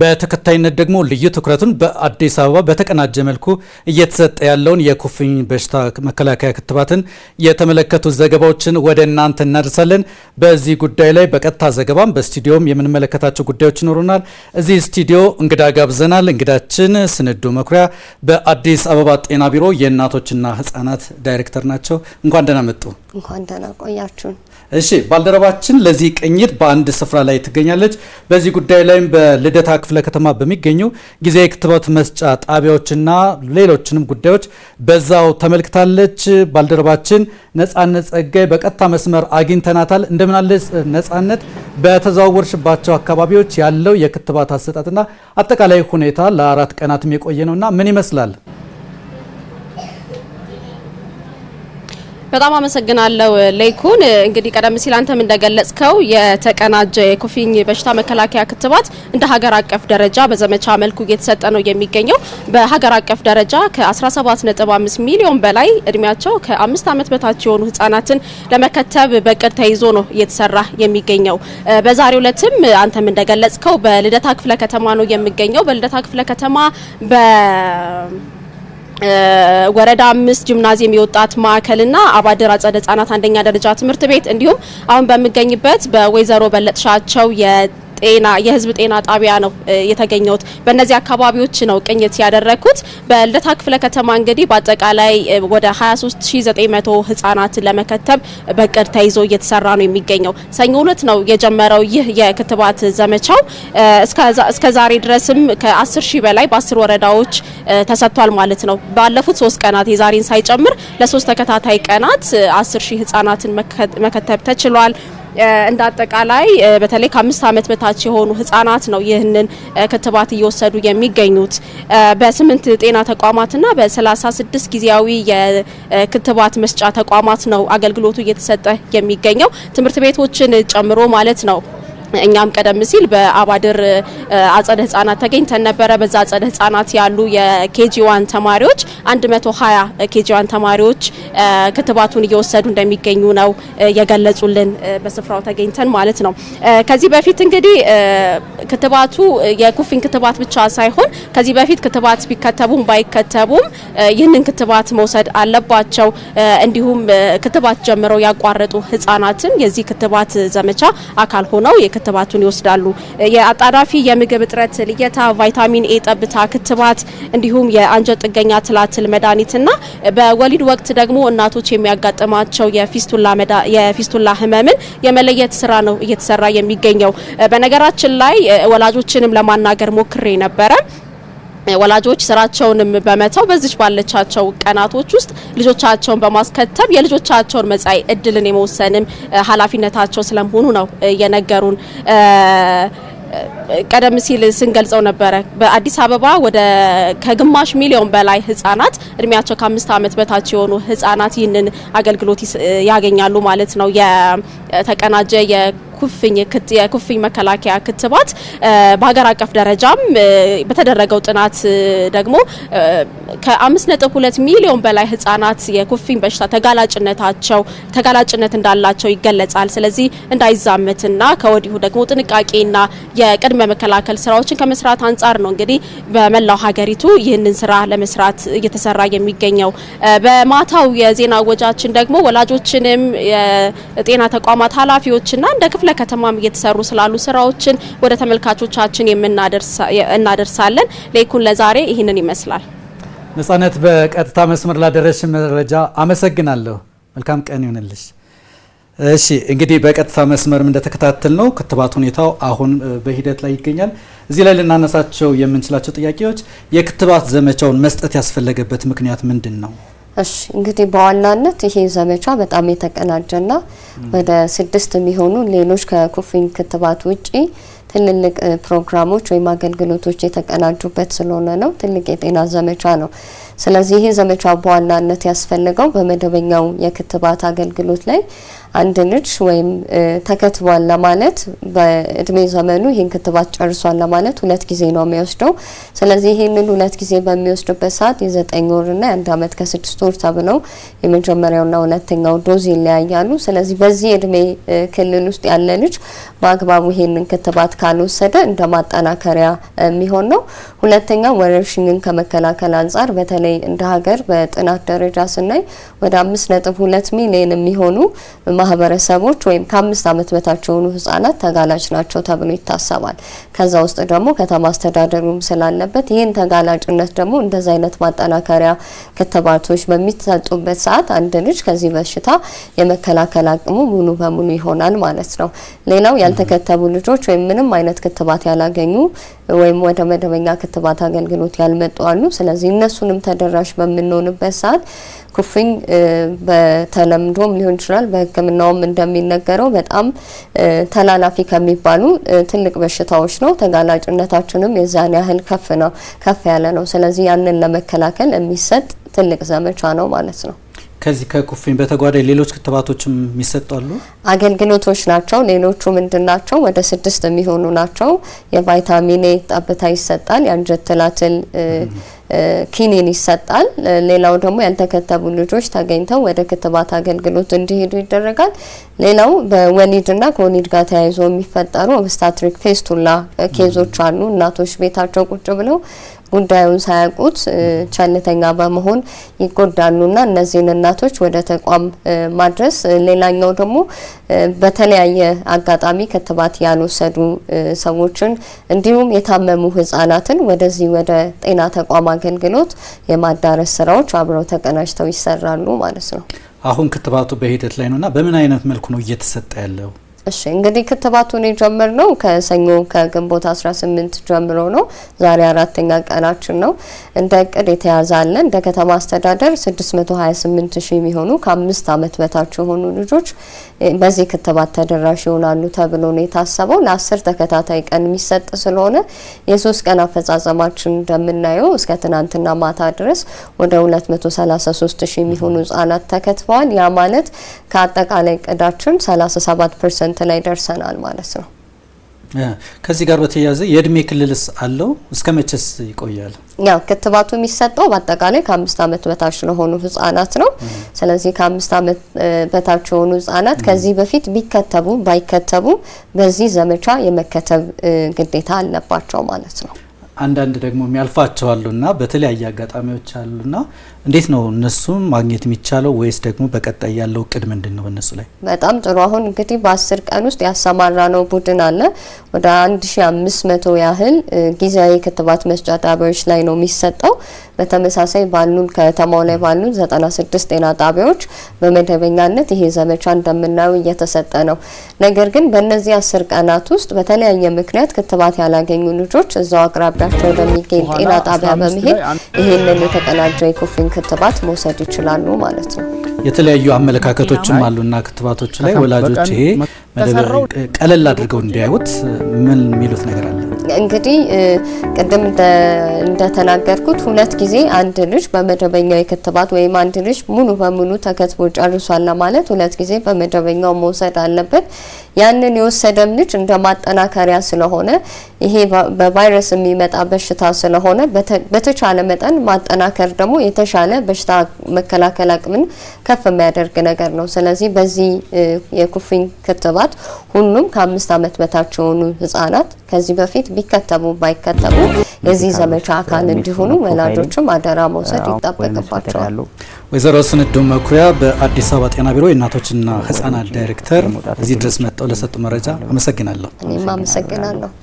በተከታይነት ደግሞ ልዩ ትኩረቱን በአዲስ አበባ በተቀናጀ መልኩ እየተሰጠ ያለውን የኩፍኝ በሽታ መከላከያ ክትባትን የተመለከቱ ዘገባዎችን ወደ እናንተ እናደርሳለን። በዚህ ጉዳይ ላይ በቀጥታ ዘገባም በስቱዲዮም የምንመለከታቸው ጉዳዮች ይኖሩናል። እዚህ ስቱዲዮ እንግዳ ጋብዘናል። እንግዳችን ስንዱ መኩሪያ በአዲስ አበባ ጤና ቢሮ የእናቶችና ህጻናት ዳይሬክተር ናቸው። እንኳን ደህና መጡ። እንኳን ደህና ቆያችሁን። እሺ ባልደረባችን ለዚህ ቅኝት በአንድ ስፍራ ላይ ትገኛለች። በዚህ ጉዳይ ላይም በልደታ ክፍለ ከተማ በሚገኙ ጊዜ ክትባት መስጫ ጣቢያዎችና ሌሎችንም ጉዳዮች በዛው ተመልክታለች። ባልደረባችን ነጻነት ጸጋይ በቀጥታ መስመር አግኝተናታል። እንደምናለች ነጻነት፣ በተዘዋወርሽባቸው አካባቢዎች ያለው የክትባት አሰጣጥና አጠቃላይ ሁኔታ ለአራት ቀናትም የቆየ ነውና ምን ይመስላል? በጣም አመሰግናለሁ ሌይኩን። እንግዲህ ቀደም ሲል አንተም እንደገለጽከው የተቀናጀ የኩፍኝ በሽታ መከላከያ ክትባት እንደ ሀገር አቀፍ ደረጃ በዘመቻ መልኩ እየተሰጠ ነው የሚገኘው። በሀገር አቀፍ ደረጃ ከ17.5 ሚሊዮን በላይ እድሜያቸው ከአምስት ዓመት በታች የሆኑ ህጻናትን ለመከተብ በቅድ ተይዞ ነው እየተሰራ የሚገኘው። በዛሬው ዕለትም አንተም እንደገለጽከው በልደታ ክፍለ ከተማ ነው የሚገኘው። በልደታ ክፍለ ከተማ በ ወረዳ አምስት ጂምናዚየም የወጣት ማዕከልና አባድር አጸደ ህጻናት አንደኛ ደረጃ ትምህርት ቤት እንዲሁም አሁን በምገኝበት በወይዘሮ በለጥሻቸው ጤና የህዝብ ጤና ጣቢያ ነው የተገኘሁት። በእነዚህ አካባቢዎች ነው ቅኝት ያደረግኩት። በልደታ ክፍለ ከተማ እንግዲህ በአጠቃላይ ወደ 23900 ህጻናትን ለመከተብ በቅድ ተይዞ እየተሰራ ነው የሚገኘው። ሰኞ ዕለት ነው የጀመረው ይህ የክትባት ዘመቻው። እስከ ዛሬ ድረስም ከ10 ሺህ በላይ በአስር ወረዳዎች ተሰጥቷል ማለት ነው። ባለፉት ሶስት ቀናት የዛሬን ሳይጨምር ለሶስት ተከታታይ ቀናት 10 ሺህ ህጻናትን መከተብ ተችሏል። እንደ አጠቃላይ በተለይ ከአምስት ዓመት በታች የሆኑ ህጻናት ነው ይህንን ክትባት እየወሰዱ የሚገኙት በስምንት ጤና ተቋማትና በሰላሳ ስድስት ጊዜያዊ የክትባት መስጫ ተቋማት ነው አገልግሎቱ እየተሰጠ የሚገኘው ትምህርት ቤቶችን ጨምሮ ማለት ነው። እኛም ቀደም ሲል በአባድር አጸደ ህጻናት ተገኝተን ነበረ። በዛ አጸደ ህጻናት ያሉ የኬጂ ዋን ተማሪዎች 120 ኬጂ ዋን ተማሪዎች ክትባቱን እየወሰዱ እንደሚገኙ ነው የገለጹልን በስፍራው ተገኝተን ማለት ነው። ከዚህ በፊት እንግዲህ ክትባቱ የኩፊን ክትባት ብቻ ሳይሆን ከዚህ በፊት ክትባት ቢከተቡም ባይከተቡም ይህንን ክትባት መውሰድ አለባቸው። እንዲሁም ክትባት ጀምረው ያቋረጡ ህጻናትም የዚህ ክትባት ዘመቻ አካል ሆነው ክትባቱን ይወስዳሉ። የአጣዳፊ የምግብ እጥረት ልየታ፣ ቫይታሚን ኤ ጠብታ ክትባት፣ እንዲሁም የአንጀት ጥገኛ ትላትል መድኃኒትና በወሊድ ወቅት ደግሞ እናቶች የሚያጋጥማቸው የፊስቱላ ህመምን የመለየት ስራ ነው እየተሰራ የሚገኘው። በነገራችን ላይ ወላጆችንም ለማናገር ሞክሬ ነበረ። ወላጆች ስራቸውንም በመተው በዚች ባለቻቸው ቀናቶች ውስጥ ልጆቻቸውን በማስከተብ የልጆቻቸውን መጻኢ እድልን የመወሰንም ኃላፊነታቸው ስለመሆኑ ነው የነገሩን። ቀደም ሲል ስንገልጸው ነበረ። በአዲስ አበባ ወደ ከግማሽ ሚሊዮን በላይ ህጻናት እድሜያቸው ከአምስት ዓመት በታች የሆኑ ህጻናት ይህንን አገልግሎት ያገኛሉ ማለት ነው የተቀናጀ የኩፍኝ የኩፍኝ መከላከያ ክትባት በሀገር አቀፍ ደረጃም በተደረገው ጥናት ደግሞ ከ5.2 ሚሊዮን በላይ ህጻናት የኩፍኝ በሽታ ተጋላጭነታቸው ተጋላጭነት እንዳላቸው ይገለጻል። ስለዚህ እንዳይዛመትና ከወዲሁ ደግሞ ጥንቃቄና የቅድመ መከላከል ስራዎችን ከመስራት አንጻር ነው እንግዲህ በመላው ሀገሪቱ ይህንን ስራ ለመስራት እየተሰራ የሚገኘው። በማታው የዜና ወጃችን ደግሞ ወላጆችንም የጤና ተቋማት ኃላፊዎችና እንደ ክፍለ ከተማም እየተሰሩ ስላሉ ስራዎችን ወደ ተመልካቾቻችን እናደርሳለን። ሌኩን ለዛሬ ይህንን ይመስላል። ነፃነት በቀጥታ መስመር ላደረሽ መረጃ አመሰግናለሁ። መልካም ቀን ይሆንልሽ። እሺ እንግዲህ በቀጥታ መስመርም እንደተከታተል ነው ክትባት ሁኔታው አሁን በሂደት ላይ ይገኛል። እዚህ ላይ ልናነሳቸው የምንችላቸው ጥያቄዎች የክትባት ዘመቻውን መስጠት ያስፈለገበት ምክንያት ምንድን ነው? እሺ እንግዲህ በዋናነት ይሄ ዘመቻ በጣም የተቀናጀና ወደ ስድስት የሚሆኑ ሌሎች ከኩፍኝ ክትባት ውጪ ትልልቅ ፕሮግራሞች ወይም አገልግሎቶች የተቀናጁበት ስለሆነ ነው። ትልቅ የጤና ዘመቻ ነው። ስለዚህ ይህ ዘመቻ በዋናነት ያስፈልገው በመደበኛው የክትባት አገልግሎት ላይ አንድ ልጅ ወይም ተከትቧል ለማለት በእድሜ ዘመኑ ይህን ክትባት ጨርሷል ለማለት ሁለት ጊዜ ነው የሚወስደው። ስለዚህ ይህንን ሁለት ጊዜ በሚወስድበት ሰዓት የዘጠኝ ወርና የአንድ ዓመት ከስድስት ወር ተብለው የመጀመሪያውና ሁለተኛው ዶዝ ይለያያሉ። ስለዚህ በዚህ እድሜ ክልል ውስጥ ያለ ልጅ በአግባቡ ይህንን ክትባት ካልወሰደ እንደ ማጠናከሪያ የሚሆን ነው። ሁለተኛ ወረርሽኝን ከመከላከል አንጻር በተለይ እንደ ሀገር በጥናት ደረጃ ስናይ ወደ አምስት ነጥብ ሁለት ሚሊዮን የሚሆኑ ማህበረሰቦች ወይም ከአምስት ዓመት በታች የሆኑ ህጻናት ተጋላጭ ናቸው ተብሎ ይታሰባል። ከዛ ውስጥ ደግሞ ከተማ አስተዳደሩም ስላለበት ይህን ተጋላጭነት ደግሞ እንደዚ አይነት ማጠናከሪያ ክትባቶች በሚሰጡበት ሰዓት አንድ ልጅ ከዚህ በሽታ የመከላከል አቅሙ ሙሉ በሙሉ ይሆናል ማለት ነው። ሌላው ያልተከተቡ ልጆች ወይም ምንም ምንም አይነት ክትባት ያላገኙ ወይም ወደ መደበኛ ክትባት አገልግሎት ያልመጡ አሉ። ስለዚህ እነሱንም ተደራሽ በምንሆንበት ሰዓት ኩፍኝ በተለምዶም ሊሆን ይችላል፣ በሕክምናውም እንደሚነገረው በጣም ተላላፊ ከሚባሉ ትልቅ በሽታዎች ነው። ተጋላጭነታችንም የዛን ያህል ከፍ ነው ከፍ ያለ ነው። ስለዚህ ያንን ለመከላከል የሚሰጥ ትልቅ ዘመቻ ነው ማለት ነው። ከዚህ ከኩፍኝ በተጓዳይ ሌሎች ክትባቶችም ይሰጣሉ አገልግሎቶች ናቸው። ሌሎቹ ምንድን ናቸው? ወደ ስድስት የሚሆኑ ናቸው። የቫይታሚን ኤ ጠብታ ይሰጣል። የአንጀት ትላትል ኪኒን ይሰጣል። ሌላው ደግሞ ያልተከተቡ ልጆች ተገኝተው ወደ ክትባት አገልግሎት እንዲሄዱ ይደረጋል። ሌላው በወሊድና ከወሊድ ጋር ተያይዞ የሚፈጠሩ ኦብስታትሪክ ፌስቱላ ኬዞች አሉ። እናቶች ቤታቸው ቁጭ ብለው ጉዳዩን ሳያውቁት ቸልተኛ በመሆን ይጎዳሉና እነዚህን እናቶች ወደ ተቋም ማድረስ። ሌላኛው ደግሞ በተለያየ አጋጣሚ ክትባት ያልወሰዱ ሰዎችን እንዲሁም የታመሙ ህጻናትን ወደዚህ ወደ ጤና ተቋም አገልግሎት የማዳረስ ስራዎች አብረው ተቀናጅተው ይሰራሉ ማለት ነው። አሁን ክትባቱ በሂደት ላይ ነውና በምን አይነት መልኩ ነው እየተሰጠ ያለው? እሺ እንግዲህ ክትባቱን የጀመርነው ከሰኞ ከግንቦት 18 ጀምሮ ነው። ዛሬ አራተኛ ቀናችን ነው። እንደ እቅድ እንደ ከተማ አስተዳደር 628 ሺህ የሚሆኑ ከአምስት ዓመት በታች የሆኑ ልጆች በዚህ ክትባት ተደራሽ ይሆናሉ ተብሎ ነው የታሰበው። ለአስር ተከታታይ ቀን የሚሰጥ ስለሆነ የሶስት ቀን አፈጻጸማችን እንደምናየው እስከ ትናንትና ማታ ድረስ ወደ 233 ሺህ የሚሆኑ ህጻናት ተከትበዋል። ያ ማለት ከአጠቃላይ እቅዳችን 37 ፐርሰንት ፐርሰንት ላይ ደርሰናል ማለት ነው። ከዚህ ጋር በተያያዘ የእድሜ ክልልስ አለው? እስከ መቼስ ይቆያል? ያው ክትባቱ የሚሰጠው በአጠቃላይ ከአምስት ዓመት በታች ለሆኑ ህጻናት ነው። ስለዚህ ከአምስት ዓመት በታች የሆኑ ህጻናት ከዚህ በፊት ቢከተቡ ባይከተቡ በዚህ ዘመቻ የመከተብ ግዴታ አለባቸው ማለት ነው። አንዳንድ ደግሞ የሚያልፋቸው አሉና በተለያየ አጋጣሚዎች አሉና እንዴት ነው እነሱም ማግኘት የሚቻለው ወይስ ደግሞ በቀጣይ ያለው እቅድ ምንድን ነው በእነሱ ላይ? በጣም ጥሩ። አሁን እንግዲህ በአስር ቀን ውስጥ ያሰማራ ነው ቡድን አለ ወደ አንድ ሺ አምስት መቶ ያህል ጊዜያዊ ክትባት መስጫ ጣቢያዎች ላይ ነው የሚሰጠው። በተመሳሳይ ባሉን ከተማው ላይ ባሉን ዘጠና ስድስት ጤና ጣቢያዎች በመደበኛነት ይሄ ዘመቻ እንደምናየው እየተሰጠ ነው። ነገር ግን በእነዚህ አስር ቀናት ውስጥ በተለያየ ምክንያት ክትባት ያላገኙ ልጆች እዛው አቅራቢያቸው ወደሚገኝ ጤና ጣቢያ በመሄድ ይሄንን የተቀናጀ ይኩፍኝ ይህንን ክትባት መውሰድ ይችላሉ ማለት ነው። የተለያዩ አመለካከቶችም አሉና ክትባቶች ላይ ወላጆች ይሄ ቀለል አድርገው እንዲያዩት ምን የሚሉት ነገር አለ? እንግዲህ ቅድም እንደተናገርኩት ሁለት ጊዜ አንድ ልጅ በመደበኛው የክትባት ወይም አንድ ልጅ ሙሉ በሙሉ ተከትቦ ጨርሷል ለማለት ሁለት ጊዜ በመደበኛው መውሰድ አለበት። ያንን የወሰደም ልጅ እንደ ማጠናከሪያ ስለሆነ ይሄ በቫይረስ የሚመጣ በሽታ ስለሆነ በተቻለ መጠን ማጠናከር ደግሞ የተሻለ በሽታ መከላከል አቅምን ከፍ የሚያደርግ ነገር ነው። ስለዚህ በዚህ የኩፍኝ ክትባት ሁሉም ከአምስት ዓመት በታች የሆኑ ህጻናት ከዚህ በፊት ቢከተቡ ባይከተቡ የዚህ ዘመቻ አካል እንዲሆኑ ወላጆችም አደራ መውሰድ ይጠበቅባቸዋል። ወይዘሮ ስንዱ መኩሪያ በአዲስ አበባ ጤና ቢሮ የእናቶችና ህጻናት ዳይሬክተር እዚህ ድረስ መጥተው ለሰጡ መረጃ አመሰግናለሁ። እኔም አመሰግናለሁ።